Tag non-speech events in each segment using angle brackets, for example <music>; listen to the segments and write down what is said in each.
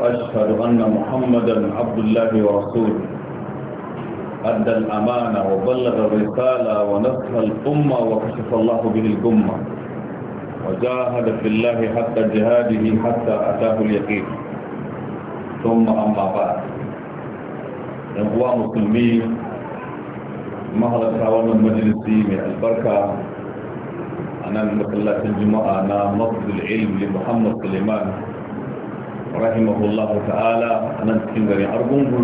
وأشهد أن محمدا عبد الله ورسوله أدى الأمانة وبلغ الرسالة ونصح الأمة وكشف الله به الأمة وجاهد في الله حتى جهاده حتى أتاه اليقين ثم أما بعد إخوة مسلمين مهلا تعاون المجلسي من البركة أنا من مثلات الجمعة أنا مصد العلم لمحمد سليمان rahimahullahu ta'ala a nan cikin garin argungu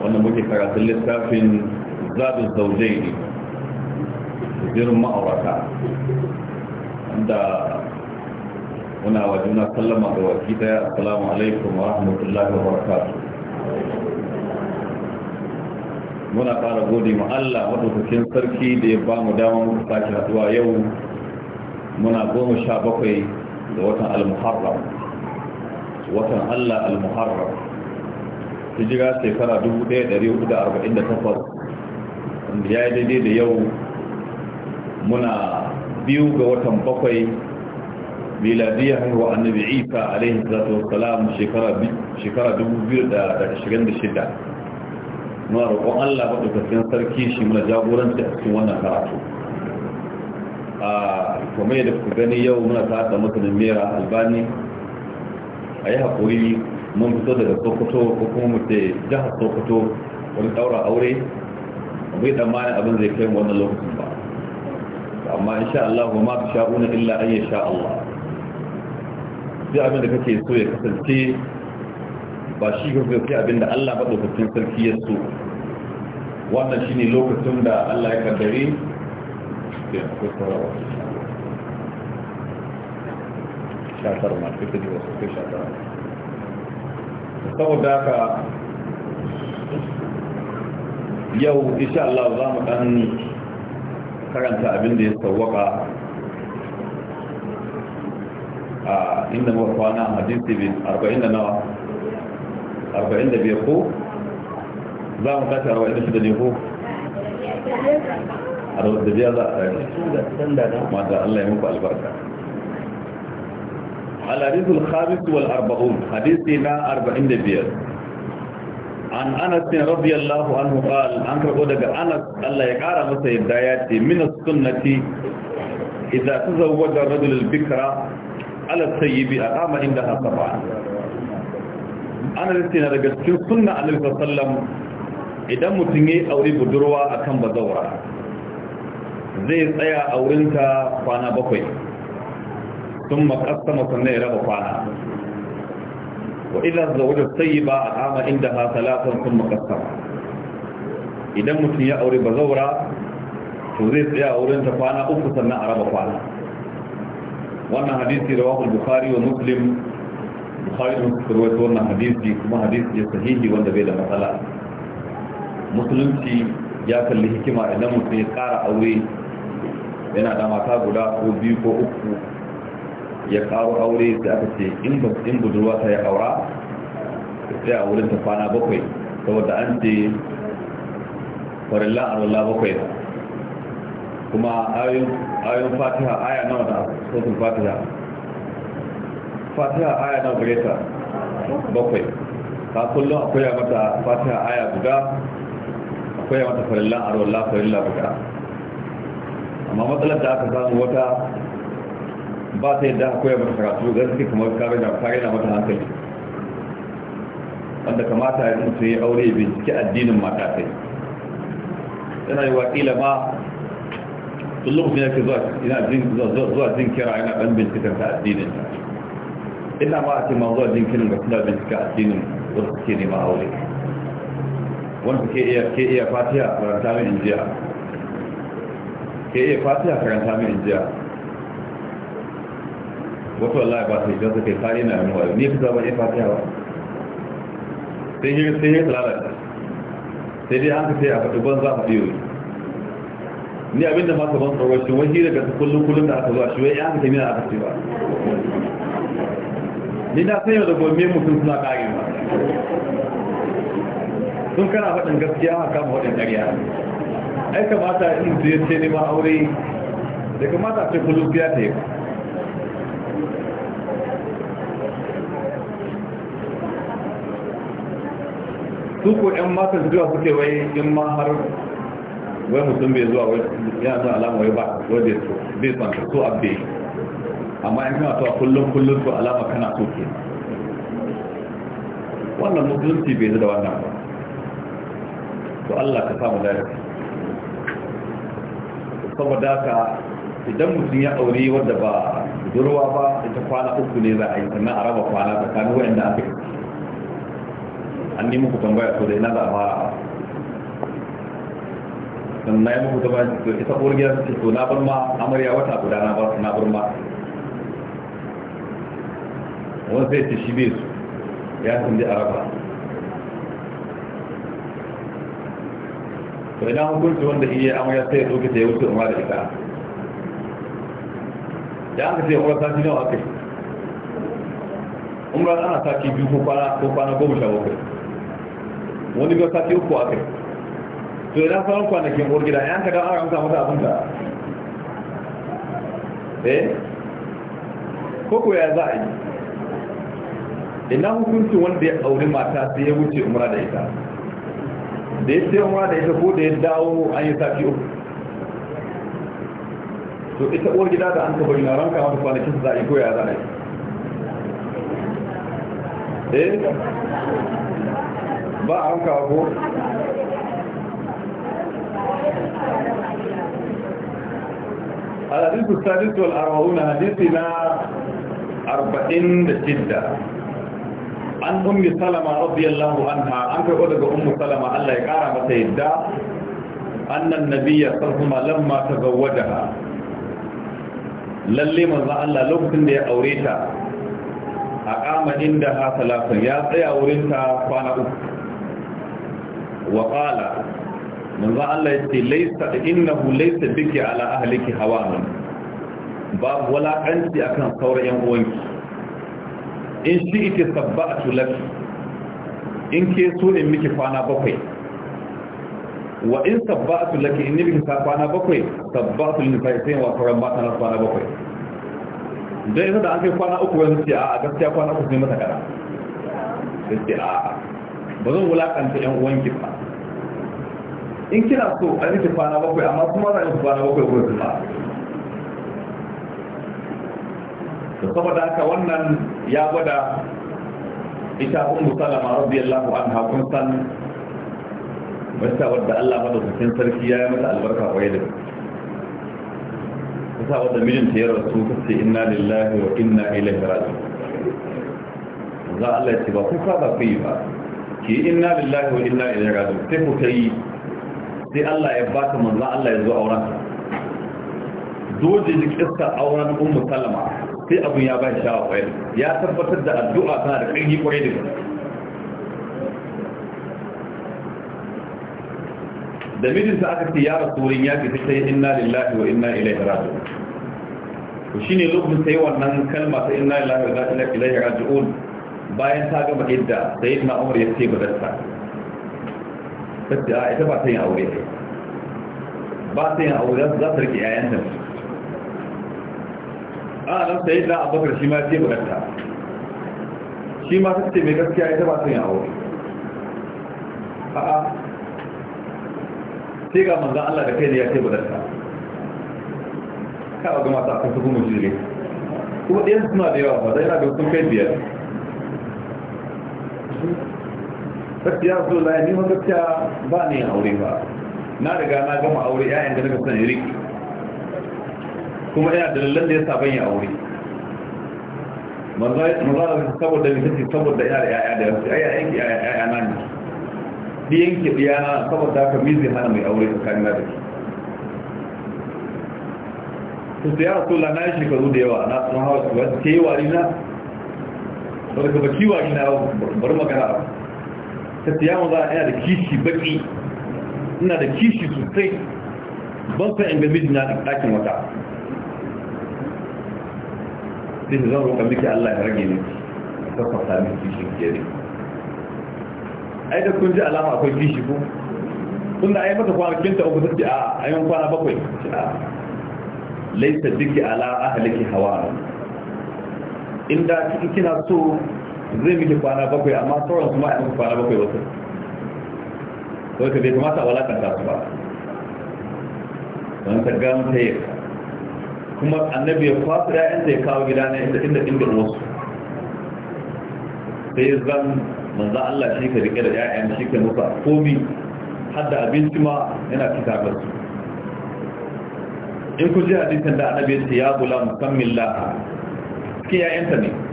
wanda muke karatun littafin zabin zaujai ne jirin ma'aurata wanda muna wa juna sallama ga waki daya assalamu alaikum wa rahmatullahi wa barakatu. muna fara gode ma Allah madaukakin sarki da ya ba mu dama muka sake haɗuwa yau muna goma sha bakwai da watan al-muharram watan Allah al-Muharram hijira shekara 1448 wanda ya yi daidai da yau muna biyu ga watan bakwai miladiyya haihuwa annabi isa alaihi salatu wassalam shekara 2026 nuna roƙon Allah maɗaukacin sarki shi muna jagoranta a cikin wannan karatu a kuma yadda ku gani yau muna ta da masanin mera albani a yi haƙuri mun fito daga sokoto ko kuma mu ce jihar sokoto wani ɗaura aure bai tsammanin abin zai kai wannan lokacin ba amma in sha Allah ma ta sha'una illa an ya sha Allah sai abin da kake so ya kasance ba shi kake sai abin da Allah maɗaukakin sarki ya so wannan shine lokacin da Allah ya kaddare ya kusurwa shatar da shatar saboda haka yau Isha Allah za mu dan karanta abin da ya sawwaka a inda muka kwana hadisi bin arba'in da nawa 45 ko za mu arba'in da ne ko a da biya za a tashi Allah ya muku albarka al-hadisul khamis wal arba'un na 45 an anas bin radiyallahu anhu qal an karbo daga anas Allah ya kara masa yadda ya ce min as-sunnati idza tazawwaja ar-rajul al-bikra ala sayyibi aqama indaha sab'a anas yana daga cikin sunna annabi sallallahu idan mutum ya aure budurwa akan bazawara zai tsaya a wurinta kwana bakwai sun makasama sannan ya raba kwana wa idan zawajar sai ba a ama inda ha talatan sun makasama idan mutum ya aure ba zaura to zai tsaya wurin ta kwana uku sannan a raba kwana wannan hadisi da wakil bukari wa muslim bukari da hadisi kuma hadisi ya sahihi wanda bai da matsala musulunci ya kalli hikima idan mutum ya kara aure yana da mata guda ko biyu ko uku ya karo aure da aka ce in budurwa ta ya aura sai a wurin ta kwana bakwai saboda an ce farilla a rula bakwai kuma ayon fatiha aya nawa da sosin fatiha fatiha aya nawa gare ta bakwai ta kullum akwai ya mata fatiha aya guda akwai ya mata farilla a rula farilla guda amma matsalar da aka samu wata ba ta yadda akwai mata karatu zai suke kamar kare da kare na mata hankali wanda kamata ya mutu ya aure ya bincike addinin mata ta yi yana yi wakila ma tun lokacin yake zuwa jin kira yana ɗan binciken ta addinin ta ina ma a ce ma zuwa jin kirin ga suna bincike addinin wasu suke nema aure wanda ke iya ke iya fatiha karanta min injiya ke iya fatiha karanta min injiya wasu wallahi ba su idan suke kare na yanuwa ne fi zaba ya fatiha ba sai yi sai yi lalata sai dai an ka sai a faɗi ban za a fiye ni abinda masu ban tsoro shi wani daga su kullum kullum da aka zuwa shi wai an ka mina aka ce ba ni na sanya da gomme mutum suna kare ba sun kana faɗin gaskiya a kama faɗin ƙarya ai kamata in je ce neman aure da kamata a ce kullum biya ta yi ba su ko yan matan zuwa suke wai in ma har wai mutum bai zuwa wai yana zuwa alama wai ba wai bai so bai san so abbe amma in kana zuwa kullum kullum su alama kana so ke wannan musulunci bai da wannan ba to Allah ka samu dace saboda ka idan mutum ya aure wanda ba budurwa ba ita kwana uku ne za a yi sannan a raba kwana tsakanin waɗanda aka yi an nemi ku tambaya to da ina da a fara na yi muku tambaya to ita uwar gida ce to na bar ma amarya wata guda na bar na bar ma wani sai ce shi bai su ya san dai araba to ina hukunci wanda iya amarya sai ya tsoke ta ya wuce umar da ita Ya aka ce umar sati nawa aka umar ana sati biyu ko kwana goma sha bakwai wani bai sati uku a kai to idan sauran kwanakin uwar gida yan ka don an ramsa mata abin da eh ko ko ya za a yi ina hukunci wanda ya auri mata sai ya wuce umara da ita da ya sai umara da ita ko da ya dawo an yi sati uku to ita uwar gida da an ka bayyana na ranka wata kwanakin za a yi ko ya za a yi eh ba a haka abu al'adun sustanisu al'arawu na hadisi na arba'in da shidda an ummi salama radiyallahu anha an kai daga Umma salama allah ya kara mata yadda annan nabiya sarfuma lamma ta gawada lalle manzo allah lokacin da ya aure ta a kama inda ha talafin ya tsaya wurin ta kwana uku wa qala manzo Allah yace laysa innahu laysa biki ala ahliki hawanun babu walakanci akan sauran yan uwanki in shi ita sabba'atu laki in ke so in miki kwana bakwai wa in sabba'atu laki in miki ta kwana bakwai sabba'atu lin sai wa sauran mata na kwana bakwai dan yasa da an kai kwana uku wani ce a gaskiya kwana uku ne mata kada sai a ba zan wulakanta yan uwanki ba in kina so a nake kwana bakwai amma kuma za a kwana bakwai ko zuwa da saboda haka wannan ya gwada ita ummu salama radiyallahu an kun san wata wadda Allah madaukakin sarki ya yi mata albarka kwaye da kusa wadda mijinta ya rasu ta ce inna lillahi wa inna ilaihi raji'un za Allah ya ce ba kuka ba ku yi ba ki inna lillahi wa inna ilaihi raji'un sai ku ta yi sai Allah ya baka manzo Allah ya zo auren doje ji iska auren ummu salama sai abun ya bai shawa kwayar ya tabbatar da addu'a tana da ƙarfi kwarai da da mijinta aka ce ya rasu wurin yaƙi fita sai inna lillahi wa inna ilaihi raji'un to shine lokacin sai wannan kalma sai inna lillahi wa inna ilaihi raji'un bayan ta gama idda sai sayyidina Umar ya ce ba bazarta tafi a ita ba ta yin aure ba ta yin aure za ta rike yayan nan a nan sai da abubakar shi ma ce bukata shi ma ta ce mai gaskiya ita ba ta yin aure A'a. sai ga manzan Allah da kai ne ya ce bukata ka ga mata akan su kuma shi kuma ɗaya suna da yawa ba zai na ga sun kai biyar gaskiya su da ni ma gaskiya ba ni aure ba na riga na gama aure yayin da naka san riki kuma ina dalilan da yasa ban yi aure manzo manzo saboda ni kace saboda ina da yaya da yaya yaya yaya yaya na ni diyan ki diya na saboda ka mizi hana mai aure tsakanin da ki to sai ya kula na shekaru da yawa na san hawa ke yi wari na ba ka ba kiwa ina bar magana ta za a yana da kishi baki ina da kishi sosai ban fa’in ga miji na ɗakin wata ɗin zan roƙa miki Allah ya rage miki a sassauta miki kishi gere ai da kun ji alama akwai kishi ko kun da yi mata kwanakin ta uku tafi a ayon kwana bakwai laisa duki ala ahaliki hawa inda kina so zai miki kwana bakwai amma sauran kuma a yanku kwana bakwai wasu kawai ka bai kamata a ta su ba don ta gano ta yi kuma annabi ya kwasu ya'yanta ya kawo gida na inda inda inda wasu sai zan manzan Allah shi ka rike da ya'yan shi ka nufa komi hadda abinci ma yana kita ga su in ku ji hadisin da annabi ya ce ya gula musamman la'a ke ya'yanta ne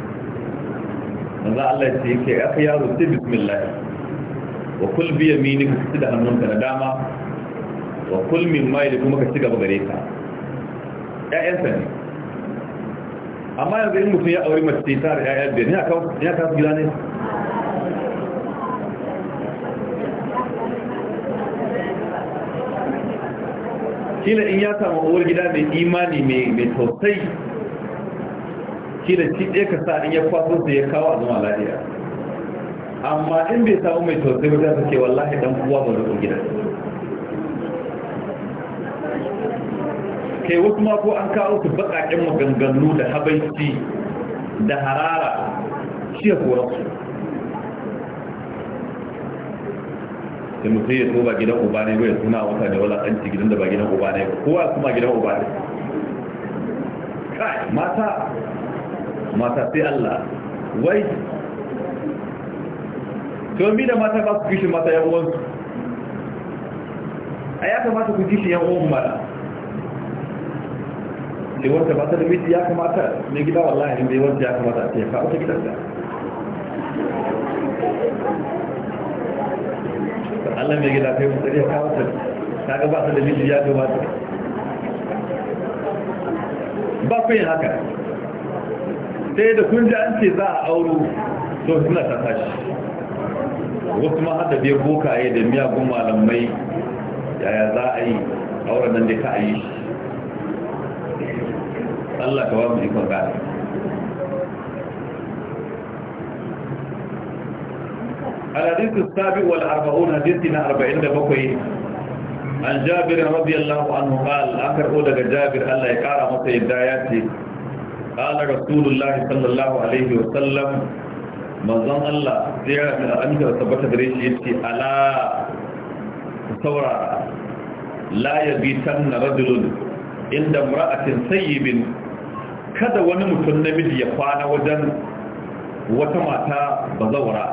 manzo Allah ce yake aka yaro sai bismillah wa kul bi yaminika ka ci da hannunka na dama wa kul min mai da kuma ka ci gaba gare ka ƴaƴansa ne amma yanzu in mutum ya aure mace ta da ƴaƴa biyar ya kawo gida ne kila in ya samu uwar gida mai imani mai tausayi kila shi ɗaya ka sa in ya kwaso su ya kawo a zama lafiya amma in bai samu mai tausayi ba ta ce wallahi dan kuwa ba zuwa gida kai wasu ma ko an kawo su baƙaƙen maganganu da habaici da harara shi ya kora su da mutum ya so ba gidan uba ne bai suna wata ne wala ci gidan da ba gidan uba ne kowa kuma gidan uba ne kai mata mata sai Allah wai to bi da mata ba su kishin mata yan uwansu a ya kamata ku kishin yan uwan mata da wanda ba ta da miji ya kamata mai gida wallahi ne wanda ya kamata a teka ya gidan da Allah mai gida kai mutar ya kawata ta ta gabata da miji ya ba ku yin haka sai da kun ji an ce za a auro to suna ta tashi wasu ma hada biyar bokaye da miyagun malamai yaya za a yi auren nan da ka a yi Allah ka wa mu ikon gani الحديث السابع والأربعون حديثنا أربعين دبقي عن جابر رضي الله عنه قال آخر أولى جابر الله يقارى مصيب قال رسول الله صلى الله عليه وسلم manzon Allah ziyara da amince da tabbata gare shi yace ala saura la yabitan rajulun inda imra'atin sayyibin kada wani mutum namiji ya kwana wajen wata mata bazawara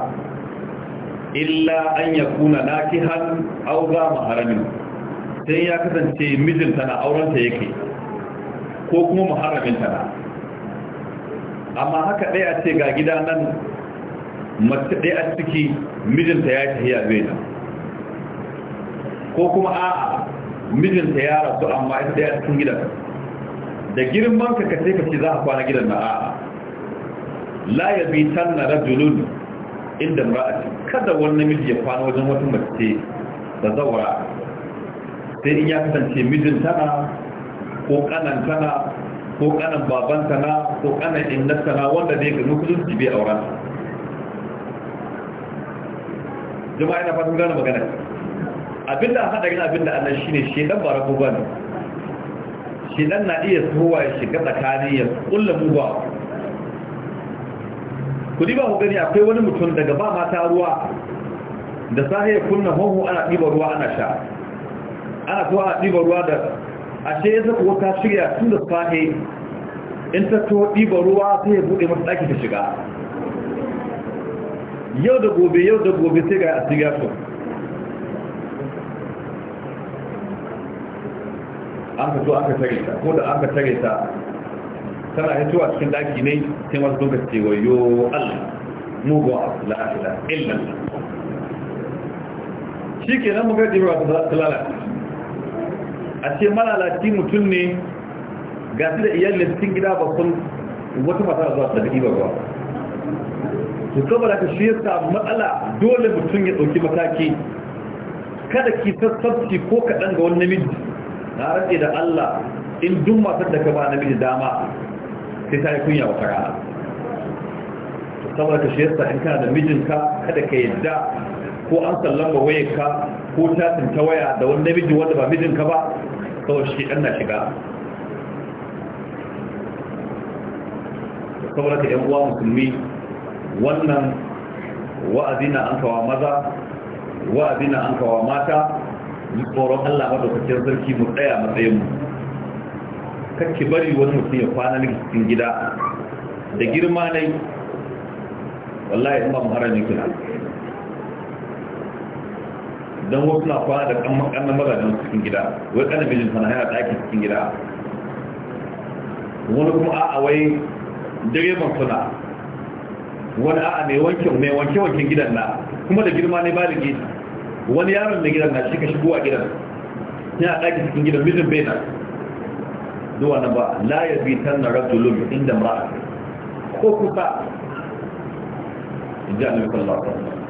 illa an yakuna nakihan aw za maharamin sai ya kasance mijinta na aurenta yake ko kuma maharamin ta na amma haka ɗaya ce ga gida nan mace ɗaya ciki mijinta ya yi hiyar bai nan ko kuma a'a mijinta ya rasu amma ita ɗaya a cikin gidan da girman ka kace ce za a kwana gidan na a'a la tan na rajulun inda ra'ati kada wani miji ya kwana wajen wata mace da zawara sai in ya kasance mijin tana ko kanan tana ko kanan baban na ko kanan innarka na wanda zai gano musulunci a aura jama'a ina fatan gane magana abinda a haɗa gina abinda Allah shine shedan ba rabu bane shedan na iya tsowa ya shiga tsakani ya kulla mu ba ku ba ku gani akwai wani mutum daga ba mata ruwa da sahiya kunna hoho ana ɗiba ruwa ana sha ana a ɗiba ruwa da a ce yanzu kuwa ta shirya tun da fahe in ta to ɗiba ruwa sai ya buɗe masu ɗaki ta shiga yau da gobe yau da gobe sai ga a shirya su an ka zo an tare ta ko da an ka tare ta tana hitowa cikin ɗaki ne sai masu don ka ce wa yo allah mugun abu la'afila illan shi ke nan mugar jimewa ta lalata a ce malalaci mutum ne ga su da iyalin cikin gida ba sun wata mata zuwa da ba ba to saboda ka shi yasa matsala dole mutum ya dauki mataki kada ki sassabci ko kaɗan ga wani namiji na rantse da Allah in dun matar da ka ba namiji dama sai ta yi kunya wa fara saboda ka shi yasa in kana da mijinka kada ka yadda ko an sallama wayarka ko ta tsinta waya da wani namiji wanda ba mijinka ba kawai shi ɗan na shiga saboda ka uwa musulmi wannan wa'azi na an kawa maza wa'azi na an kawa mata tsoron allah madaukakin sarki mu tsaya matsayinmu kake bari wani mutum ya kwana na cikin gida da girma ne wallahi in ba mu harami don wasu na kwana da kannan mazajen cikin gida wai kanan bijin sana yana ɗaki cikin gida wani kuma a'a wai direban suna wani a'a mai wanke mai wanke wanken gidan na kuma da girma ne ba da gidi wani yaron da gidan na shi ka shigo a gidan yana ɗaki cikin gidan bijin bai na zuwa na ba la ya bi tan na rajulun inda ma ko kusa in ji annabi sallallahu alaihi wasallam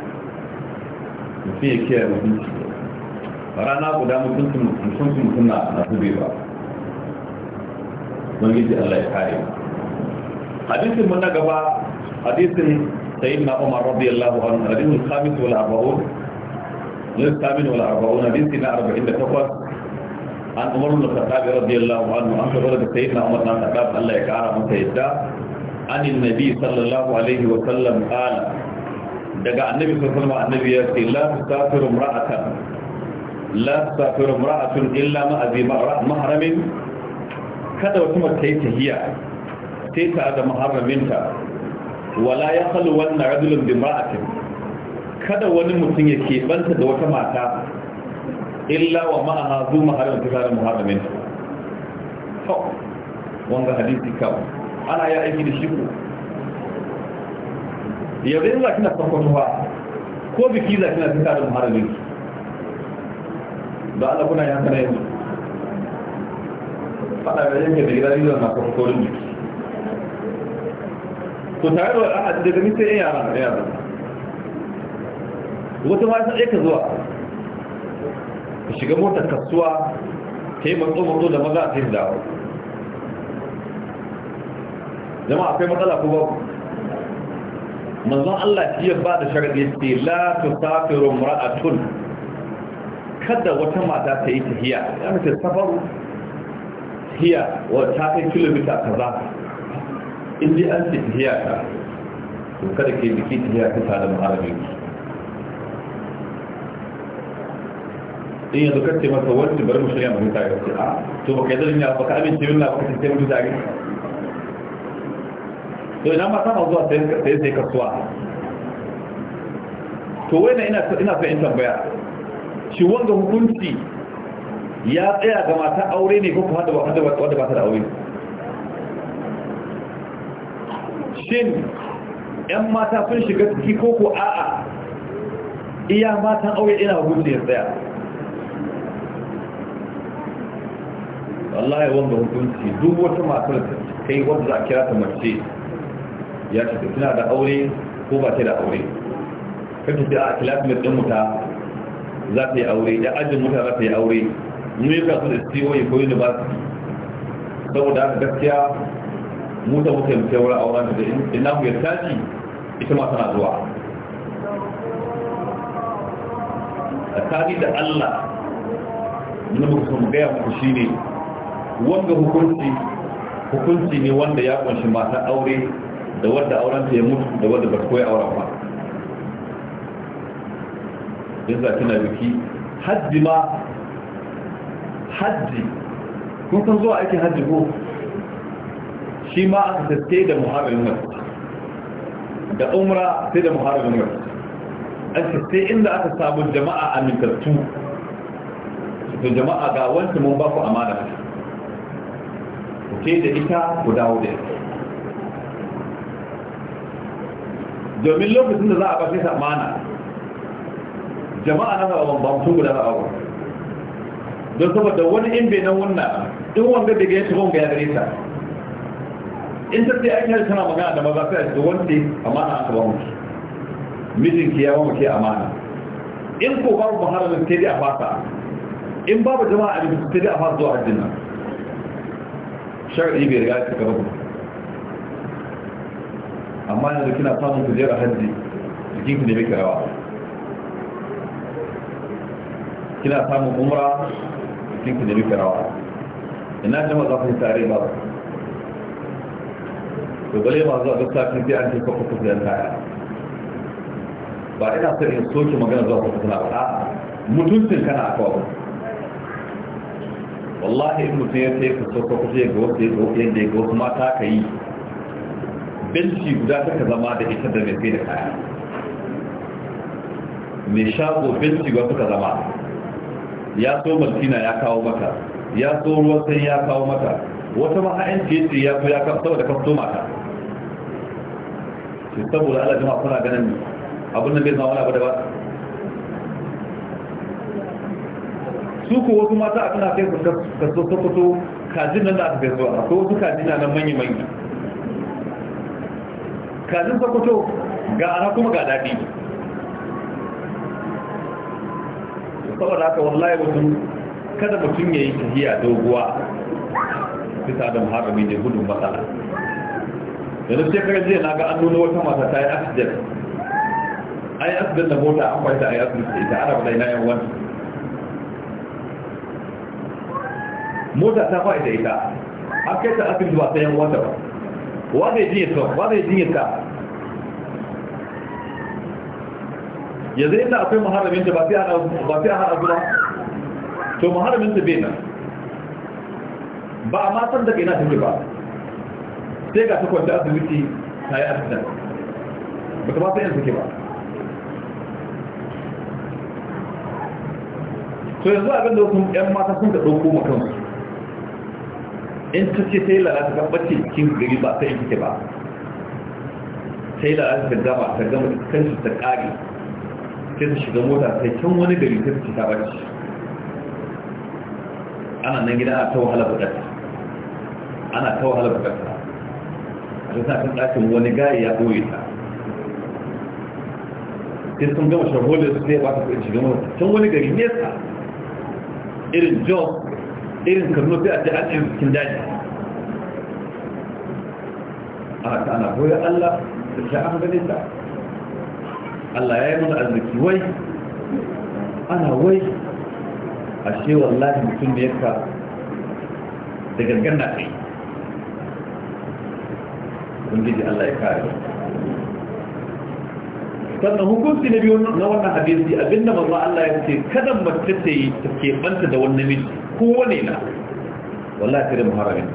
mutum ya kiyaye mutunci ba, rana guda mutuncin mutuncin mutum na ba, don yi Allah ya kare hadisin mun na gaba hadisin sayyidina Umar radiyallahu anhu hadisin khamis wal arba'un ne khamis wal arba'un hadisin na 48 an Umar bin Khattab radiyallahu anhu an kabar da sayyidina Umar na Khattab Allah ya kara masa yadda an annabi sallallahu alaihi wa sallam qala daga annabi sallallahu alaihi annabi ya ce la tusafiru imra'atan la tusafiru imra'atun illa ma abi mahramin kada wata mace ta yi tahiya sai ta da mahraminta wala ya khalu wannan rajulun bi imra'atin kada wani mutum ya ke banta da wata mata illa wa ma'aha zu mahramin ta da mahraminta to wanga hadisi kawai ana ya aiki da shi ko yanzu in za kina sakwatowa ko biki za kina fita da muharramin da Allah kuna yanka na yanzu faɗa da yanke da gida rizuwa na sakwatorin biki to tare da wa'a daga nisa yan yara da yara wata ma sai ka zuwa ka shiga motar kasuwa ta yi matso-matso da maza a ta yi dawo jama'a akwai matsala ko babu manzon Allah shi ya ba da sharadi ce la tusafiru mar'atun kada wata mata ta yi tahiya ya ce safaru tahiya wa ta kai kilomita kaza in ji an ce tahiya ta to kada ke biki tahiya ta tare da haramin in yanzu kace masa wanda bari mu shirya mu ta ce a to baka yi zarin ya baka amince min na baka tace mu ta To ina mata na zuwa sai sai kasuwa to wai na ina sa in tambaya shi wanda hukunci ya tsaya ga mata aure ne ko kuma hada wanda ba ta da aure shin yan mata sun shiga ciki ko ko a'a iya matan aure ina hukunci ya tsaya wallahi wanda hukunci duk wata matar kai wanda za a kira ta mace ya ce tana da aure ko ba ta da aure kanta ce a classmate din muta za ta yi aure ya ajin muta za ta yi aure mu yi kasu da COE ko university saboda haka gaskiya mu ta muka mutai wurin auren da ina ku ya tashi ita ma tana zuwa a tari da Allah na mutum gaya muku shi ne wanga hukunci hukunci ne wanda ya kunshi mata aure da wadda auren ya mutu da wadda ba ta koya auren ba in za tana biki hajji ma hajji kun san zuwa aikin hajji ko shi ma aka sassai da muharramin wasu da umra sai da muharramin wasu an sassai inda aka samu jama'a amintattu to jama'a ga wancan mun ba ku amana ku ce da ita ku dawo da ita domin lokacin da za a ɓarfe amana jama'a na haɓaɓan ba su guda haɓaɓa don saboda wani in bai nan wannan in wanda daga ya shigon gaya ya gare ta in ta sai ake harshe tana magana da maza sai a shiga wanda amana aka ba mutu mijinki ya ba ke amana in ko babu maharamin sai dai a fasa in babu jama'a a jikin sai dai a fasa zuwa hajji nan shari'i bai riga ya gaba ba amma yanzu kina samun kujerar hajji jikin ki ne bai karawa kina samun umra jikin ki ne bai karawa ina jama'a za ku yi tare ba to bale ma zuwa duk sakin sai an ce kafa kusa yan kaya ba ina son in soke magana zuwa kafa kusa na ba mutuncin kana a wallahi in mutum ya ce ka so kafa kusa ya ga wasu ya ga wasu mata ka yi benci guda suka zama da ita da mai sai da kaya mai shago benci guda suka zama ya so martina ya kawo mata ya so ruwan sai ya kawo mata wata ma ha'in ce ce ya so ya kawo saboda kafto mata shi saboda ala jama'a kuna ganin abin da bai zama wani abu da ba su ko wasu mata a tana kai su ta sokoto kajin nan da aka kai zuwa ko wasu kajin na nan manyan manyan kazin sokoto ga ana kuma ga daɗi saboda haka wallahi mutum kada mutum ya yi tafiya doguwa bisa da muharami da gudun matsala yanzu shekarar jiya na ga an nuna wata mata ta yi accident an yi accident da mota an kwanta a yi da ita ana wadai na yan wani mota ta fa'ida da ita an kai ta asibiti ba ta yan wata ba wa zai jiye ka, wa zai jiye ta yanzu inda akwai maharamin da ba sai a haɗa zuwa to maharamin da bai nan ba a matan san daga na take ba sai ga ta a asibiti ta yi asibitan ba ta ba sai yin suke ba to yanzu da wasu 'yan mata sun ka ɗauko makamu in ta ce sai lalata ta bace cikin gari ba sai yi ba sai lalata ta gama ta gama kansu ta kare sai ta shiga mota sai can wani gari ta ce ta bace ana nan gida a ta wahala bukata ana ta wahala bukata a ta sa kan ɗakin wani gari ya ɓoye ta sai sun gama shaholar su sai ba ta kuɗin shiga mota can wani gari nesa irin jos irin karno sai a ce an ɗin cikin daji a haka ana goyon Allah da shi an gane ta Allah ya yi mana arziki wai ana wai a ce wallahi mutum da yaka da gangan na kai ubangiji Allah ya kare sannan hukunci na biyu na wannan hadisi abinda manzo Allah ya ce kada mace ta yi ta keɓanta da wannan miji kowane na wala sai da muharramin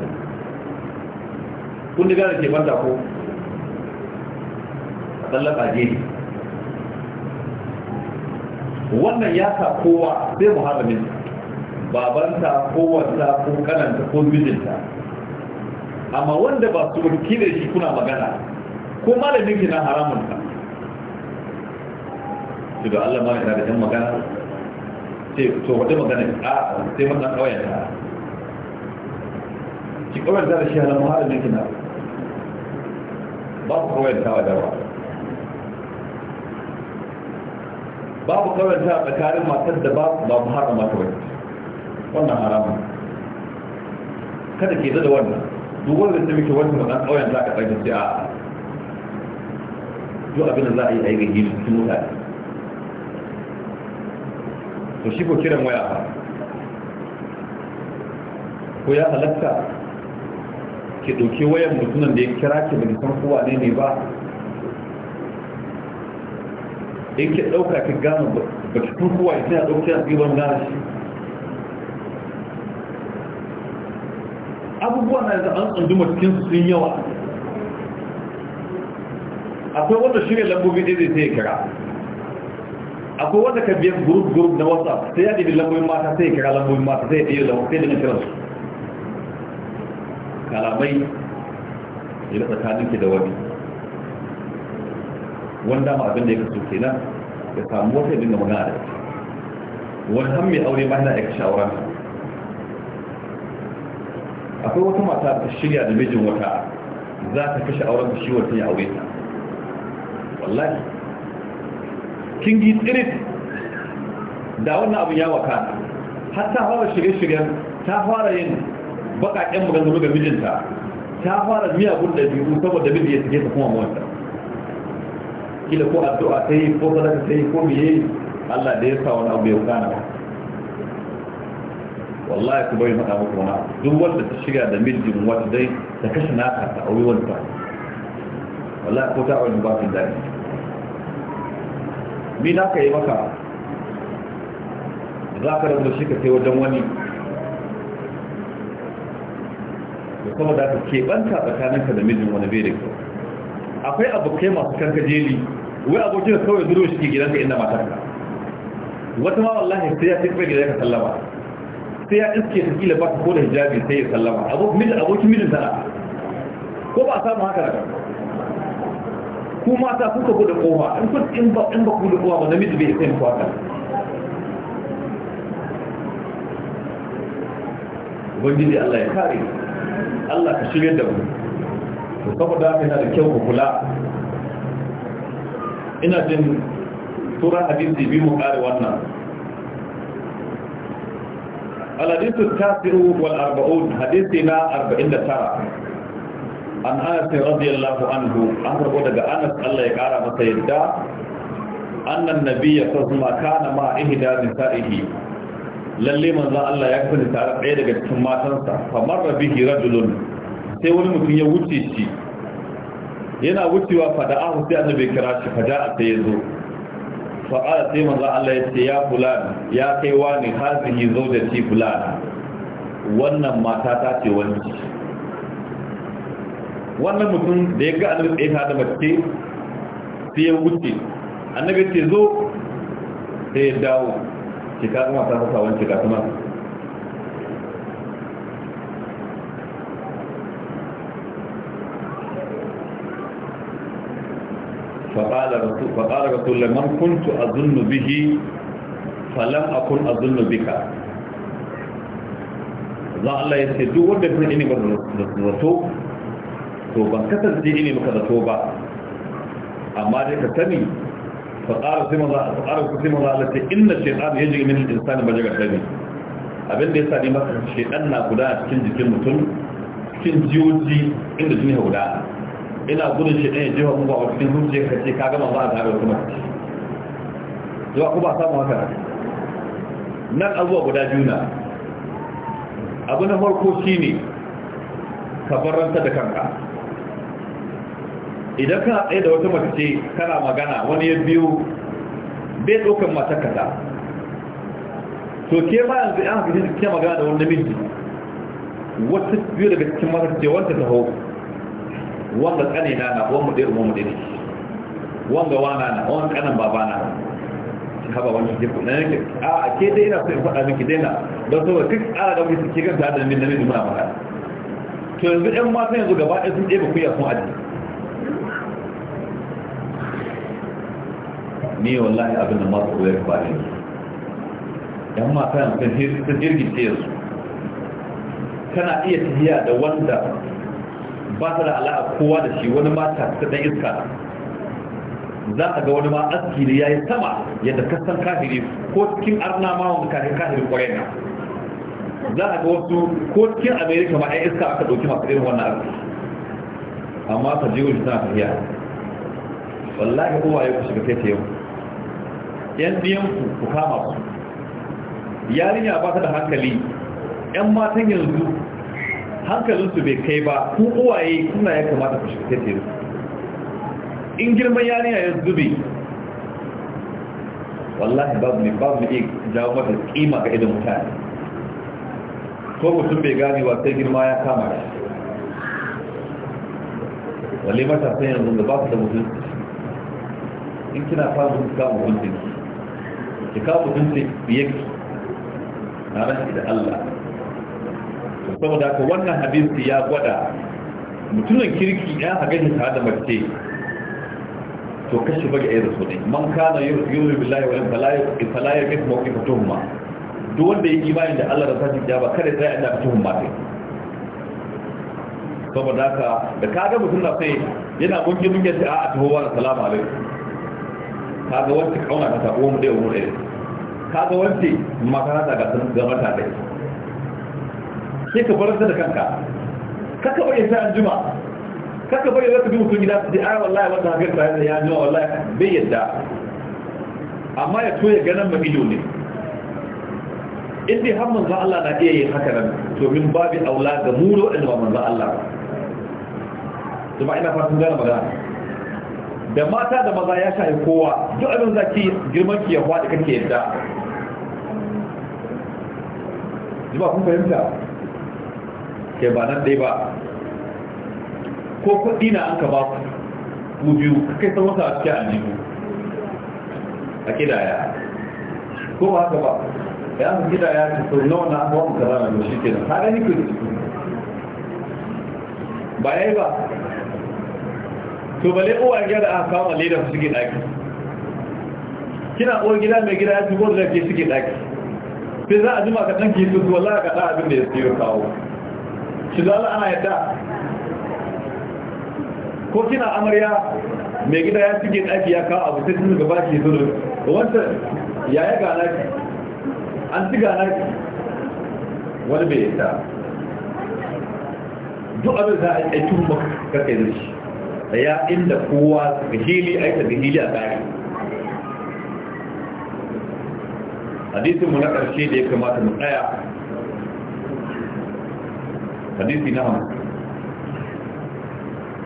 kun diga da ke banta ko a tsallaka ne wannan ya sa kowa sai muharramin babanta ko wata ko kananta ko bijinta amma wanda ba su ki da shi kuna magana ko malamin ki na haramun ka shi da Allah ma yana da yan magana sai to wata magana a sai wannan ƙauyen ta ki ƙauyen ta da shi halar mahalin kina babu ƙauyen ta wa dawa babu ƙauyen ta tsakanin matar da babu haɗa mata wani wannan haramun kada ke da wannan duk wanda ta miki wani magana ƙauyen ta ka tsakin sai a duk abin da za a yi a yi gaggi cikin mutane to shi ko kiran waya ko ya halatta ki ɗauki wayan mutunan da ya kira ki da san kowa ne ne ba in ki ɗauka ki gano ba ki san kowa ya dauke ɗauki a tsibar na shi abubuwa na yanzu an tsunduma cikin sun yawa akwai wanda shirya lambobi ɗaya zai kira akwai wanda ka biya group group na whatsapp sai ya dibi lambobin mata sai ya kira lambobin mata sai ya ɗibi da sai da na kiransu kalamai ya da tsakanin ki da wani wanda ma abin da ya kasu kenan ya samu wata yadda magana da ita wani han mai aure bayan da ya kashe auren akwai wata mata ta shirya da mijin wata za ta kashe auren shi wata ya aure ta wallahi kin yi da wannan abin ya waka har ta fara shirye-shiryen ta fara yin bakaƙen maganganu ga mijinta ta fara miya miyagun biyu saboda miji ya suke ta kuma mawanta kila ko addu'a ta yi ko sadaka ta yi ko miye Allah da ya sa wani abu ya kana ba wallahi ku bai faɗa muku wani duk wanda ta shiga da mijin wata dai ta kashe naka ta auri wanta wallahi ko ta auri ba su daɗi Ni na ka yi maka za ka rabu da shi ka kai wajen wani da kuma da ka keɓanta tsakaninka da mijin wani bai da kyau akwai abokai masu kanka jeli wai abokin kawai zuru shi ke gidanka inda matarka wata ma wallahi sai ya tafi gidanka sallama sai ya iske ta kila ba ta ko da hijabi sai ya sallama abokin mijin tana ko ba a samu haka da kanka ku mata kuka bude kowa in ku in ba in ba ku da kowa ba namiji bai sai ku haka ubangiji Allah ya kare Allah ka shirye da mu to saboda haka yana da kyau ku kula ina jin sura hadisi bi mu kare wannan al-hadithu at-tasi'u wal-arba'un hadithina 49 an anas radiyallahu anhu an karbo daga anas Allah ya kara masa yadda annan nabiyya sallallahu kana ma ihda nisa'ihi lalle manzo Allah ya kasance tare ɗaya daga cikin matansa kamar rabihi rajulun sai wani mutum ya wuce shi yana wucewa fada'ahu sai annabi kira shi da'a sai yazo fa qala sai manzo Allah ya ce ya fulan ya kai wani hazihi zawjati fulan wannan mata ta ce wani wannan mutum da ya ga annabi tsaye tare da mace sai ya wuce annabi ce zo sai ya dawo ke ka kuma ta fasa wani shiga kuma faƙaɗa rasu laman kuntu a zunnu bihi falan akun a zunnu bika za Allah ya ce duk wadda ta ne ba da rasu to ba kasance ne maka zato ba amma dai ka sani faƙarar sai maza a faƙarar ku sai maza alaƙa inna shaitan ya jigi min insani ba jaga sani abin da ya sani maka shaitan na guda a cikin jikin mutum cikin jiyoji inda jini ya guda ina gudun shaitan ya jefa muku a cikin zuciya ka ce ka gama ba a zaɓe kuma zuwa ku ba samun haka nan abuwa guda juna abu na farko shine ka baranta da kanka idan kana tsaye da wata mace kana magana wani ya biyo bai ɗaukan kaza to ke ma yanzu an haka ke magana da wani namiji wata biyu daga cikin mata ce wanda ta hau wanda tsane na na wani muɗe mu muɗe ne wanga wana na wani kanan baba na shi haba wani shi na yake a ke dai ina so in faɗa miki na don saboda kik tsara da wani suke ganta da namiji muna magana to yanzu ɗan mata yanzu gaba ɗaya sun ɗebe kuya sun ajiye ne wallahi abin da masu koyar ba ne yan mata ta jirgice su kana iya tafiya da wanda ba ta da ala'a kowa da shi wani mata ta dan iska za a ga wani ma aski ne yi sama yadda kasan kafiri ko cikin arna ma wanda kafin kafiri kwarai na za a ga wasu ko cikin amerika ma ai iska aka ɗauki masu irin wannan aski amma ka je shi. tana tafiya wallahi kowa ya kusa shiga kai ta yau yan ɗiyanku ku kama su yarinya ba ta da hankali yan matan yanzu hankalinsu bai kai ba ku uwaye kuna ya kamata ku shiga tattalin in girman yarinya ya zube wallahi babu ne babu ne jawo mata kima ga idan mutane ko mutum bai gane wa sai girma ya kama shi walle matasan yanzu da ba su da mutum in kina samun mutum mutunci ki kawo mutunci biyar na rashi da Allah saboda haka wannan hadisi ya gwada mutumin kirki ya haga shi tare da mace to kashi bari a yi da sunai man kana yi rufi billahi wa fala ya kafa mawuki fa tuhuma duk wanda ya yi imani da Allah da sashi ya ba kada tsaya inda tuhuma sai saboda haka da ka kaga mutum na sai yana gungi mun yace a a tuhuwa da salamu alaikum kaga wacce kauna ta ta mu ɗaya uwan ɗaya kaga wacce makarata ga sun gama ta ɗaya sai ka bar da kanka kaka bai sai an juma ka bai zaka bi mutum gida su ji ai wallahi wata hakan ta yanzu ya ji wallahi bai yadda amma ya toye ganin ma ido ne in har manzo Allah na iya yin haka nan to min babu aula ga mu da waɗanda manzo Allah ba kuma ina fatan gane magana da mata da maza ya shayi kowa duk abin za ki girman ki ya faɗi kake yadda ji ba kun fahimta ke ba nan dai ba ko kuɗi na an ka ba ku biyu kai san wata a cikin aljihu a kidaya ko ba haka ba ya an kidaya ta sau nawa na an ba mu kaza na shi ke nan ta gani ku ba yayi ba to bale uwa gida da aka kama leda su suke daki kina uwar gida mai gida ya tubo da ke suke daki sai za a jima ka ɗan su kuwa ka ɗa abin da ya siyo kawo shi da ana yadda ko kina amarya mai gida ya suke daki ya kawo abu sai sun gaba ke zo wancan ya yi gana ki an ci gana ki wani bai yadda duk abin za a yi tun kakai ka da shi tsaya inda kowa ga hili a ita hili a tsari hadisinmu na ƙarshe da ya kamata mu tsaya hadisi na hamsin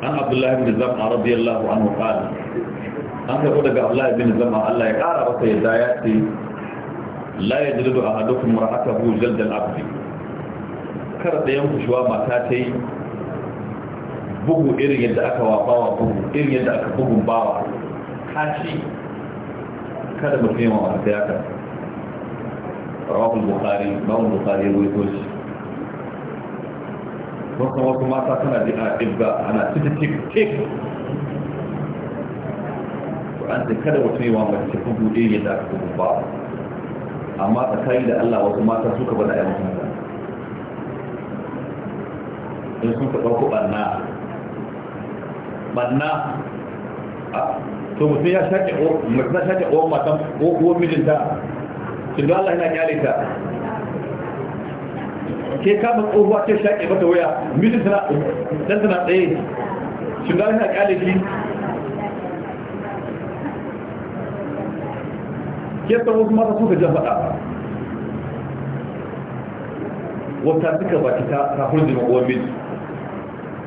عن عبد الله بن زمعة رضي الله عنه قال أنت قد عبد الله بن زمعة الله يقال رسي داياتي لا يجلد أحدكم رأته جلد العبد كرت ينفش وما تاتي bugu irin yadda aka wafa wa bugu irin yadda aka bugun bawa kashi kada mutum yawan wata ya kan rawakul bukari bawon bukari ya wuce shi wasu wasu mata tana ji ana ɗibga ana ciki cik cik an ce kada mutum yawan mace bugu irin yadda aka bugun bawa amma tsakani da allah wasu mata suka bada ayyukan in sun ka ɗauko ɓanna Manna, a to mutum ya shaƙe mutum ya shaƙe uwan matan ko uwan mijinta shin don Allah yana kyale ta ke kama tsohuwa ce shaƙe mata waya mijin tana ɗan tana tsaye shin don Allah yana kyale shi ke san wasu mata suka jan faɗa wata suka baki ta hurjin uwan mijin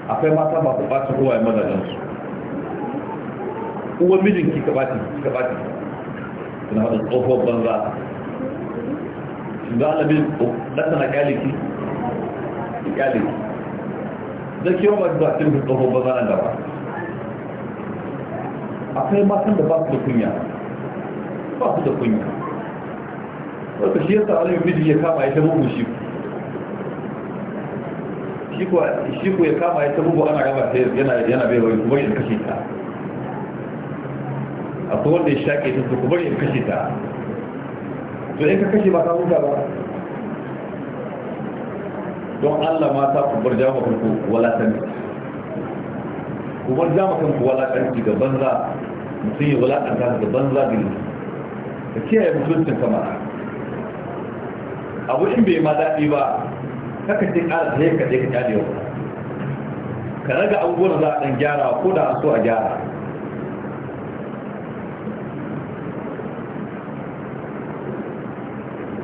akwai mata masu ɓata uwaye mazajen su uwa mijinki ka ɓata ka ɓata suna wani tsohon banza za a labin ɗansa na ƙyaliki ƙyaliki zai kewa masu ba cikin tsohon banza nan gaba akwai matan da ba su da kunya ba su da kunya wata shi yasa wani miji ya kama ya ta mugun shi shi ko ya kama ya tabubu ana raba ta yana bai wani kuma ya kashe ta akwai wanda ya shaƙe ta su kuma ya kashe ta to in ka kashe ba ta huta ba don allah mata ku bar jama kanku walatanci ku bar jama kanku walatanci ga banza mutum ya walatanta ga banza da ka kiyaye mutuncin kama abu in bai ma daɗi ba haka je ƙara zai ka je ka kyale wa ka raga abubuwan za a ɗan gyara ko da an so a gyara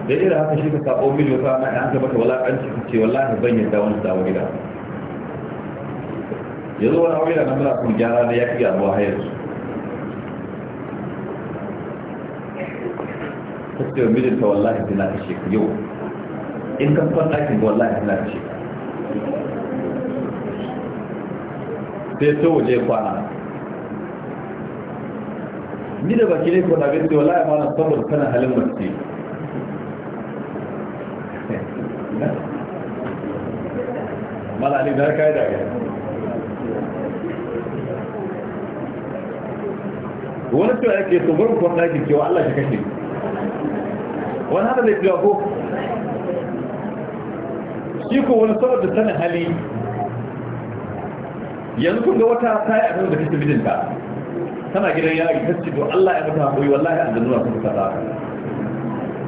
da irin haka shi ka sabo miliyo ta na ɗan gaba ta walakanci ka ce wallahi ban yadda wani dawo gida yanzu wani aure da na kun gyara da ya fi gyaruwa hayar su ta ce wa mijinta wallahi zina kashe yau in ka kwan ɗakin ga wallahi suna ce shiga sai to waje kwana ni da baki ne ko na gaske wallahi ma na sabar kana halin mace mala ali da kai da wani to yake to gurin kwan ɗakin cewa Allah shi kashe wani hada zai fiya ko shi ko wani saboda sanin hali yanzu kun ga wata ta yi abin da kake mijinta tana gidan yaƙi ta ce Allah ya mutu koyi wallahi an zanura sun kaza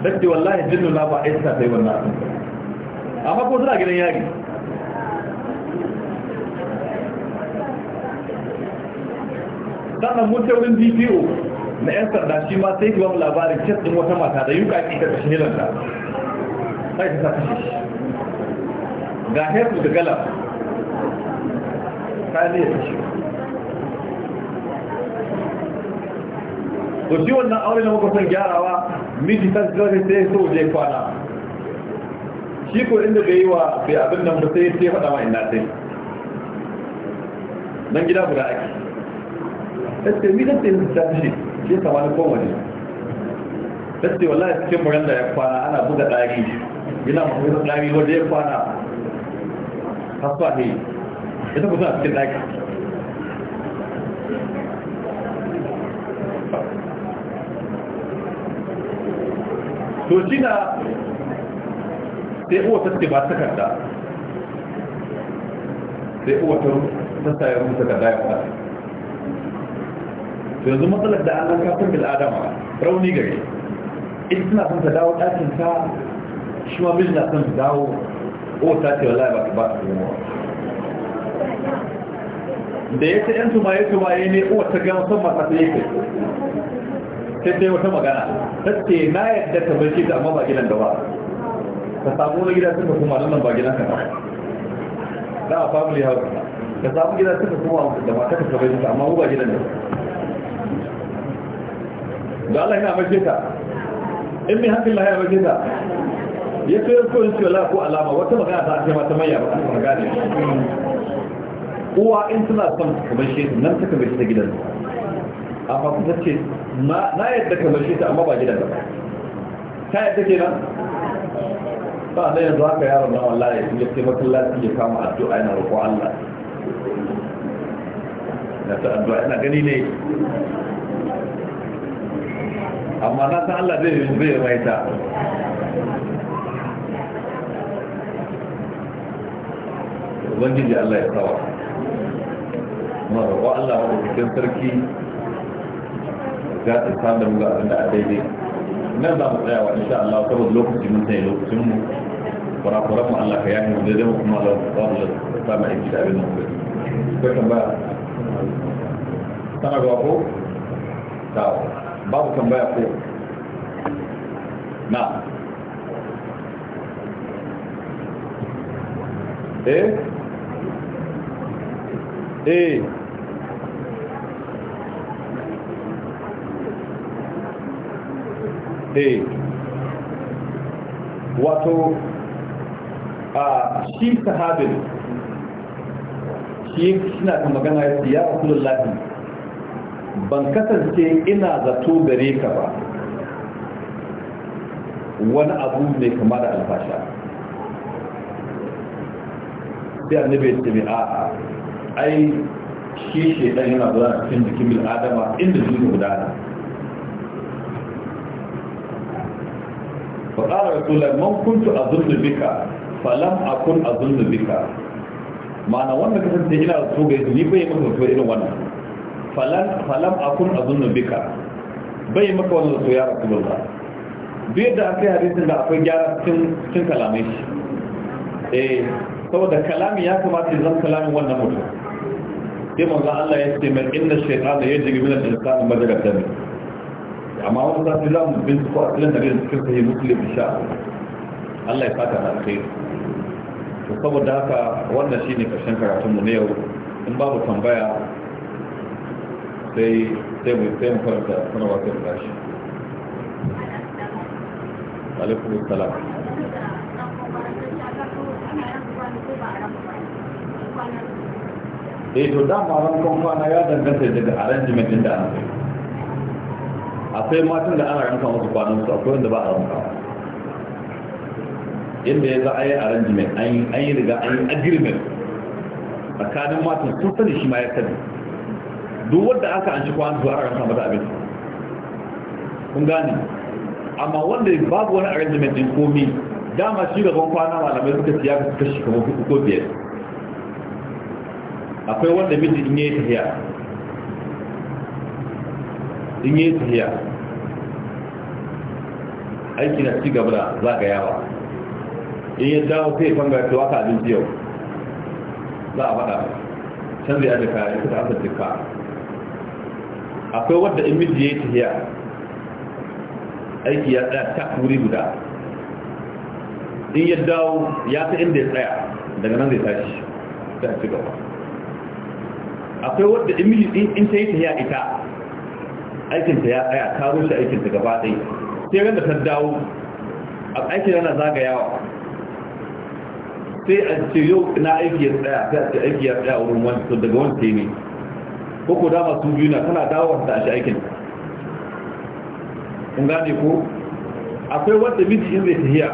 ta ce wallahi jinnu na ba aisa ta yi wannan abin amma ko tana gidan yaƙi sannan mutu wurin DPO na 'yan sanda shi ma sai ki ba mu labarin cikin ɗin wata mata da yuka ake ta kashe hilanta sai ta sa kashe shi ga haifu da galab ta ne ya shi to shi wannan aure na makwasar gyarawa miji ta zai sai so je kwana shi ko inda bai yi wa bai abin nan ba sai sai faɗa ma ina sai nan gida guda ake ɗaske mi ɗaske mi ta shi shi sama na koma ne ɗaske wallahi cikin muranda ya kwana ana buga ɗari yana mafi ɗari wanda ya kwana hasu a yi ita ku suna cikin to shi na sai uwa ta ce ba takarda sai uwa ta sassa ya rubuta ya fara to yanzu matsalar da an kafin bil'adama rauni gare ita suna son ta dawo ɗakin ta shi ma bil na dawo ko ta ce wallahi ba ka ba ka gama da ya ce yan tumaye tumaye ne uwa ta gama son mata ta yake sai sai wata magana ta ce na yadda ta bai ta amma ba gidan da ba ka samu wani gida suka kuma nan ba gidan ka ba na a family house ka samu gida suka kuma da mata ka bai ta amma ba gidan da ba da Allah yana mace ta in mai hankali ya mace ta ya kai ko yin cewa ko alama wata magana ta ake mata maya ba kuma gane uwa in suna son kamar shi nan ta kamar shi ta gidan amma kuma ce na yadda kamar shi ta amma ba gidan ba ta yadda ke nan ba na yanzu haka yaron na wallahi ya ce mata lafi ya kama addu'a yana roƙo Allah na ta addu'a yana gani ne amma na san Allah zai yi zai mai ta ubangiji Allah ya tsawa ma roƙo Allah wa cikin sarki za ta samu ga abin da a daidai nan za mu tsaya wa insha Allah saboda lokacin mun sai lokacin mu kurakuran mu Allah ka yahi mu daidai mu kuma Allah za mu samu aiki da abin da mu ko tambaya sana ga ko ta babu tambaya ko na eh eh eh wato a shi sahabin shi suna ta magana ya siya a ban kasance ina zato gare ka ba wani abu mai kama da alfasha sai annabi ya ce a'a ai shi dan yana zuwa a cikin jikin bil adama inda shi ne gudana faɗaɗa rasulai man kuntu a zunubika, bika falam akun a zunubika, bika ma'ana wannan kasance ina da tuga ni bai maka zato irin wannan falam akun a zunubika, bika bai maka wannan zato ya rasulullah duk yadda aka yi hadisin da akwai gyara cikin kalamai shi eh saboda kalami ya kamata zan kalamin wannan mutum sai manzo Allah ya ce mai inna shaytan ya jigi min al-insan madara dami amma wani sati za mu bin ko asilan da bin cikin sahih muslim insha Allah ya fata da kai to saboda haka wannan shine karshen karatun mu ne yau in babu tambaya sai sai mu sai mu karanta sanarwa ta kashi alaikum assalam eh to dama rankon kwana ya danganta daga arrangement din da ana kai akwai matan da ana ranka musu kwanan su akwai wanda ba a ranka inda ya za a yi arrangement an yi riga an yi agreement tsakanin matan sun sani shi ma ya sani duk wanda aka an shi kwanan su a ranka mata abin kun gane amma wanda babu wani arrangement din komi dama shi gaban kwana malamai suka siya ka shi kamar hudu ko biyar akwai wanda miji in yi tafiya in yi tafiya aiki na ci gaba ka yawa in yi dawo sai fanga ta waka abinci yau za a faɗa can zai ajiye kaya ita ta asar jika akwai wadda in miji ya yi tafiya aiki ya tsaya ta wuri guda in ya dawo ya ta inda ya tsaya daga nan zai tashi ta ci gaba akwai wadda in din in ta yi ta ya ita aikin ta ya tsaya ta rushe aikin ta gaba ɗai sai ran ta dawo a aikin yana zagayawa sai a ce yau na aiki ya tsaya sai a ce aiki ya tsaya wurin wani to daga wani ne ko ko dama su biyu na tana dawo ta shi aikin kun gane ko akwai wadda miji in zai tafiya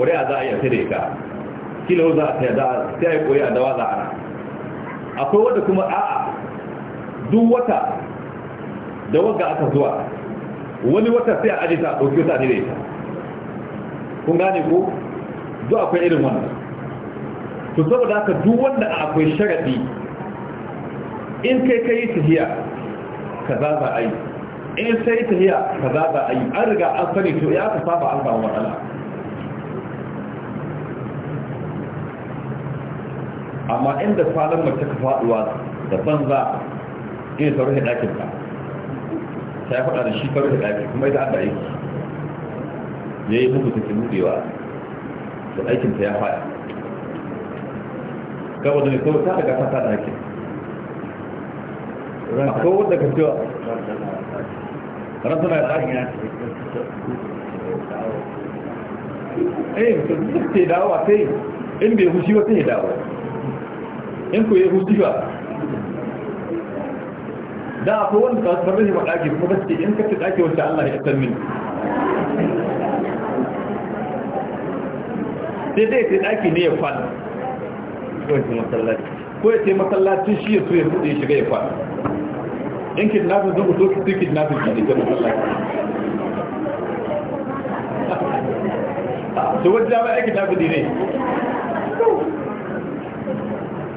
wuri a za a yi a tare ka kila za a tare za a tare koyi a dawa za a akwai wanda kuma a'a duk wata da wanda aka zuwa wani wata sai a ajita a ɗauki wata ne da ita kun gane ko duk akwai irin wannan to saboda haka duk wanda akwai sharaɗi in kai kai tafiya ka za za a yi in sai tafiya ka za za a yi an riga an sani to ya ka saba an samu matsala amma inda falon mace ka faduwa da banza ina ta da dakin ta sai faɗa da shi ta da ɗakin kuma ita aka aiki ya yi muku take buɗewa da aikin ta ya faɗi Ka da ne ko ta daga ta ta ɗakin ko wanda ka cewa ran na ya ɗakin ya eh ta dawa sai in bai hushi wata ya dawo in ku yi hutu ba da akwai wanda ta wasu ɗaki kuma ta ce in ka ci ɗaki wacce Allah ya san min sai dai sai ɗaki ne ya kwana ko ya masallaci ko ya ce masallaci shi ya so ya buɗe shiga ya kwana in kidnafin zan so ki su kidnafin shi ne ga masallaci <laughs> to wajen jami'a ake ne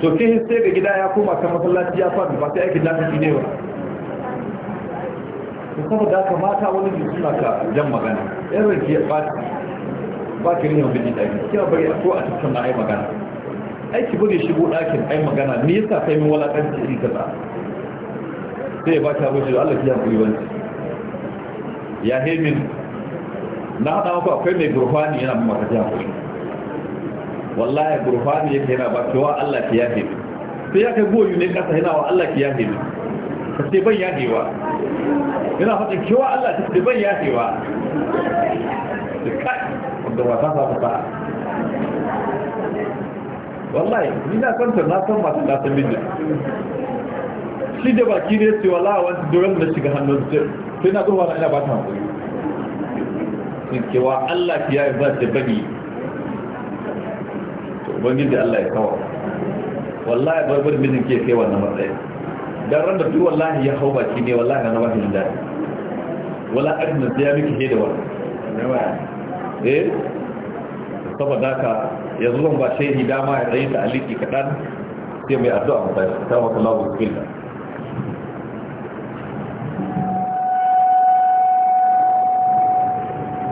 to sai sai ga gida ya koma kan masallaci ya faɗi ba sai aikin lafi ne ba to da haka mata wani ne suna ka jan magana irin ki ba ba ki rin wani da ki kiya bari ko a cikin na ai magana aiki bude shigo ɗakin ai magana me yasa mun min walakanci yi kaza sai ya ba ta wuce Allah ya buri wani ya hemin na hada maka akwai mai gurfani yana mai mata jiya kuɗi wallahi burfani yake yana ba cewa Allah ya yafe ni sai ya kai goyu ne kasa yana wa Allah ya yafe ni ka ce ban yafewa yana faɗin cewa Allah sai ban yafewa da kai wanda wata ta ta wallahi ni na san ta na san masu ta san da shi da baki ne sai wallahi wani doron da shiga hannun sai na zo na ina ba ta hankali cewa Allah ya yafe ba ta bani ubangiji Allah ya kawo wallahi barbar mijin ke kai wannan dan ran da duk wallahi ya hau baki ne wallahi na zama hilda wala adna sai ya miki da wannan eh saboda ka yanzu zan ba shehi dama ya tsaye da aliki kadan sai mai addu'a mu tsaya ta lawo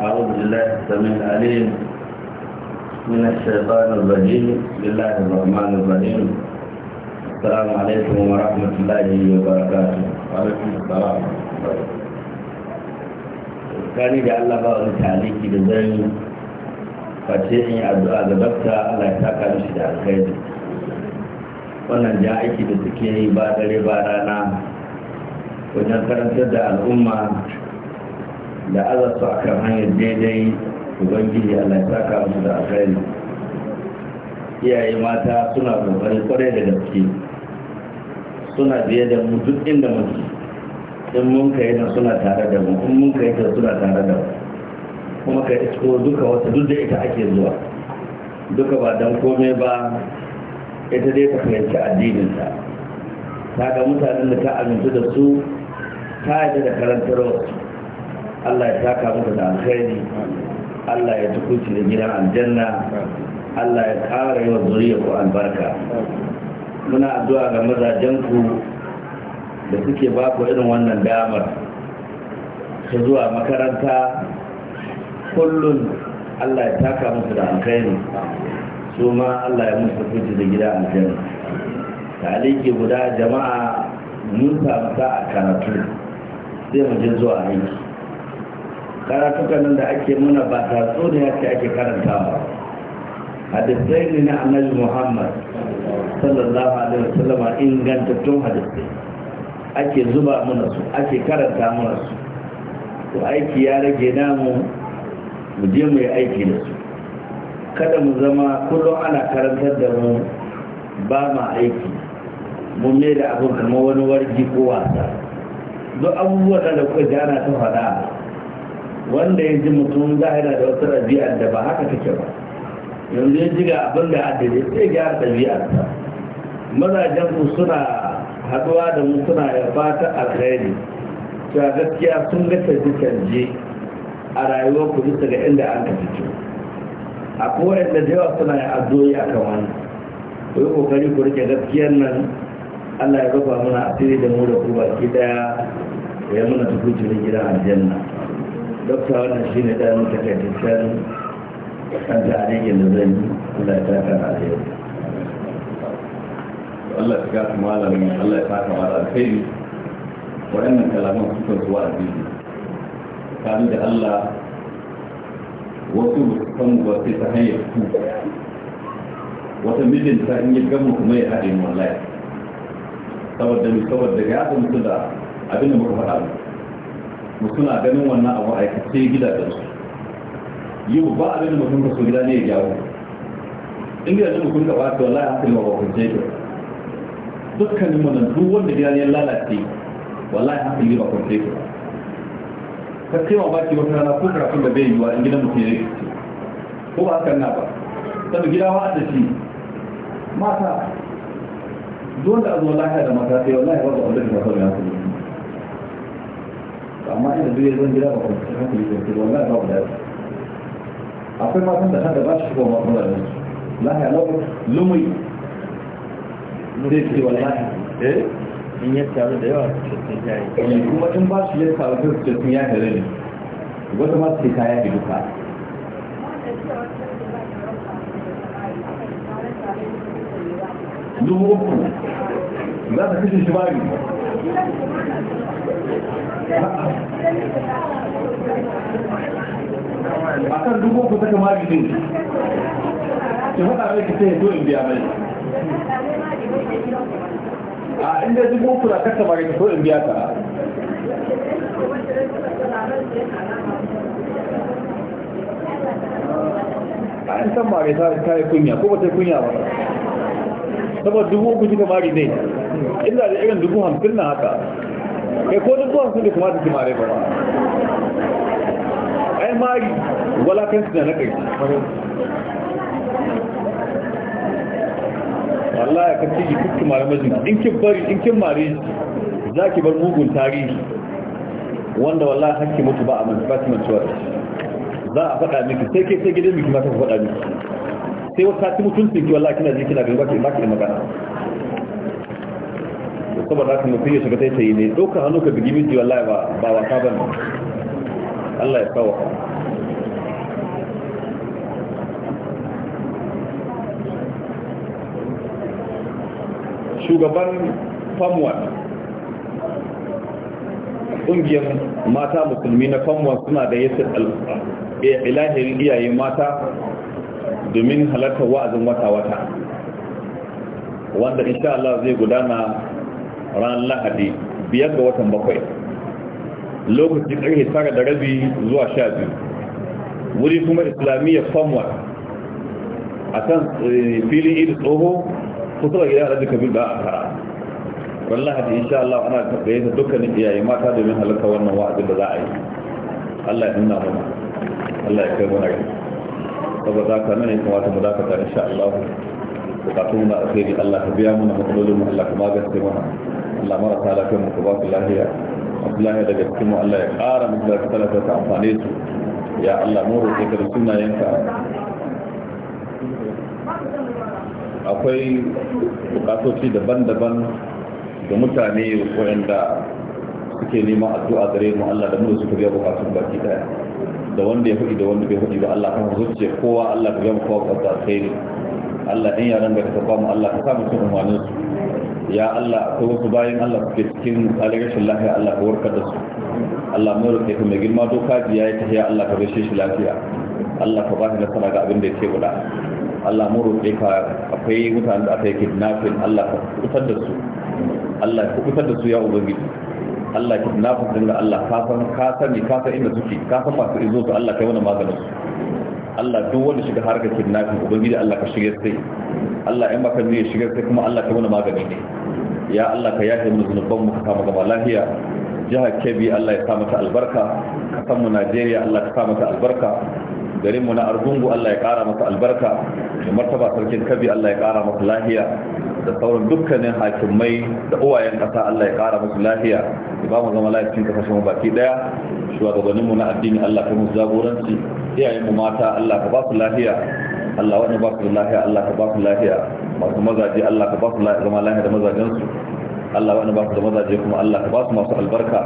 أعوذ بالله السميع العليم من الشيطان الرجيم لله الرحمن الرحيم السلام عليكم ورحمة الله وبركاته وعليكم السلام كان يجعل الله بعض التعليق لزين فتحي أدعاء دكتا على كتاك نشد على خير ونجا ايكي بسكيني بعد لبارانا ونجا كرم تدعى الأمة لأذى سعكم هاي الديدين ubangiji Allah ya saka musu da alkhairi iyaye mata suna kokarin kwarai da gaske suna biye da mu duk inda muke in mun kai na suna tare da mu in mun kai ta suna tare da mu kuma ka isko duka wata duk da ita ake zuwa duka ba dan komai ba ita dai ta fahimci addinin ta ga mutanen da ta amintu da su ta yi da karantarwa Allah ya taka muku da alkhairi Allah ya tukunci da gidan aljanna Allah ya ƙara yawan zuriya ku albarka muna addu'a ga mazajenku da suke ba ku irin wannan damar ta zuwa makaranta kullum Allah ya taka musu da alkhairi su ma Allah ya musu tukunci da gidan aljanna taliki guda jama'a mun samu sa'a karatu sai mu je zuwa aiki karatukan nan da ake muna ba so da ya ce ake karanta karantawa hadisai ne na annabi muhammad sallallahu alaihi wasallam ingantattun hadisai ake zuba muna su ake karanta muna su to aiki ya rage namu mu je mu yi aiki da su kada mu zama kullum ana karantar da mu ba ma aiki mun mai da abin kamar wani wargi ko wasa duk abubuwan da kuka ji ta faɗa wanda ya ji mutum za yana da wata ɗabi'ar da ba haka take ba yanzu ya ji ga abin da addini sai gyara ɗabi'ar ta mazajen mu suna haɗuwa da mu suna ya fata to a gaskiya sun ga canje-canje a rayuwar ku bisa ga inda an ka fito a kowane da yawa suna ya addu'o'i kan wani ku yi kokari ku rike gaskiyar nan Allah ya zaba mana asiri da mu da ku baki daya ya mana tukucin gidan aljanna دكتور أنا حين دائما تكاد الكلام أنت عليك النظام ولا تافع عليه الله يفكاك معالا من الله يفكاك معالا الخير وأن كلامه سكر هو عزيزي قال إذا الله وصول كم وصيصحي يفكوك وتمدن سائن يبقى مي حدين والله تود دمي تود دقاء ومسودا أبنى مكفر suna ganin wannan abu a gida da gidajensu yau ba abin da mutum ka so gida ne ya gyaru inda yanzu mutum ka ba ta wallahi hankali ba kwance ka dukkanin mu nan duk wanda gida ne ya lalace ya hankali ba kwance ka ka ce wa baki wata rana ko karafin da bai yiwa in gidan mutum ya yi ko ba hakan na ba saboda gida wa da shi mata dole a zo lahiya da mata sai wallahi ba ba wanda ka so gida amma inda duk yanzu gida ba kuma hankali ko kuma wannan ba ku akwai matan da kada ba shi ko ma kuma da su lahiya lau lumai zai ce wallahi eh in ya taru da yawa cikin yayi eh, kuma in ba shi ya taru da cikin yayi da ne wata ma sai kaya ki duka dubu uku za ta kashe shi bari a ah, ah, kan dubu ku saka magidin ki faɗa mai ki ce, ya zo in biya mai a inda dubu ku da kasa mara ka so in biya ka a yin san mara ta yi kunya ko ba ta kunya ba saboda dubu ku kika mari ne inda da irin dubu hamsin na haka kai eh, ko duk zuwan da kuma da kimare ba ai mari wala kan suna na kai wallahi ka ci ki kuma mare majin in kin bari in kin mare za ki bar mugun tarihi wanda wallahi hakki mutu ba a man ba ci mutuwa za a faɗa miki sai ke sai gidan miki ma ta faɗa miki sai wata ci mutuncin ki wallahi kina je kina gaba ki ba ki magana saboda haka mutum ya shiga taitayi ne ɗaukar hannu ka bigi miji wallahi ba wasa ba ne Allah ya kawo shugaban famuwan ƙungiyar mata musulmi na famuwan suna da yasir ilahiyar iyayen mata domin halartar wa'azin wata-wata wanda insha Allah zai gudana ran lahadi biyar ga watan bakwai lokacin ƙarfe tara da rabi zuwa sha biyu wuri kuma islamiyya famwar a kan eh, filin iri tsoho kusa da gidan arabi kabir da a kara ran lahadi insha Allah ana taɓaye ta dukkanin iyaye mata domin halarta wannan wa'azin da za a yi Allah ya nuna mana Allah ya kai mana rai saboda za ka nan ya kamata mu dakata insha Allah bukatun mu na alheri Allah ka biya mana matsalolin mu Allah ka magance mana Allah mara ta lafiyar mu ba ku lafiya Abdullahi daga cikin mu Allah ya ƙara mu da talaka ta amfane su ya Allah mu roƙe ka da sunayenka akwai bukatoci daban-daban da mutane waɗanda suke neman addu'a gare mu Allah da mu da suka biya bukatun baki daya da wanda ya faɗi da wanda bai faɗi ba Allah kan zuciya kowa Allah ka biya kowa ka alkhairi Allah ɗan yaran da ka ba mu Allah ka samu cikin umarnin su ya Allah akwai wasu bayan Allah suke cikin alirashin lafiya Allah ka warkar da su Allah mai rufe ka mai girma doka ji ya yi tafiya Allah ka bashe shi lafiya Allah ka ba shi nasara ga abin da ya ke guda Allah mu roƙe ka akwai mutane da aka yi kidnapping Allah ka kubutar da su Allah ka kubutar da su ya ubangiji Allah kidnapping din da Allah ka san ka sani ka san inda suke ka san masu izo su Allah kai wani maganin su Allah duk wanda shiga harkar kidnapping ubangiji Allah ka shigar sai Allah in baka zai shigar sai kuma Allah ka wani magani ne ya Allah ka yafe mu zunuban mu ka kama lafiya jihar Kebbi Allah ya sa mata albarka kasan mu Najeriya Allah ka sa mata albarka garin mu na Argungu Allah ya kara masa albarka da martaba sarkin Kebbi Allah ya kara masa lafiya da sauran dukkanin hakimai da uwayen kasa Allah ya kara musu lafiya da ba mu zama lafiyar kasashen baki daya shugabanninmu na addini Allah ta mu jagoranci iyayen mu mata Allah ka ba su lafiya Allah wanda ba su lafiya Allah ka ba su lafiya masu mazaje Allah ka ba su zama lafiya da mazajen Allah wanda ba su da mazaje kuma Allah ka ba su masu albarka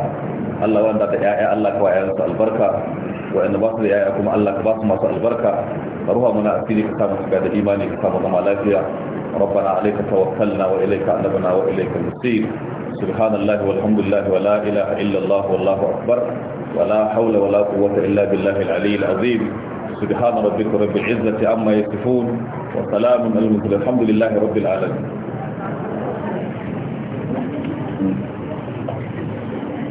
Allah wanda da ƴaƴa Allah ka wa ƴaƴan su albarka wa'anda ba su da ƴaƴa kuma Allah ka ba su masu albarka ka ruha muna asiri ka samu shiga da imani ka samu zama lafiya ربنا عليك توكلنا وإليك أنبنا وإليك المصير سبحان الله والحمد لله ولا إله إلا الله والله أكبر ولا حول ولا قوة إلا بالله العلي العظيم سبحان ربك رب العزة عما يصفون وسلام على المرسلين الحمد لله رب العالمين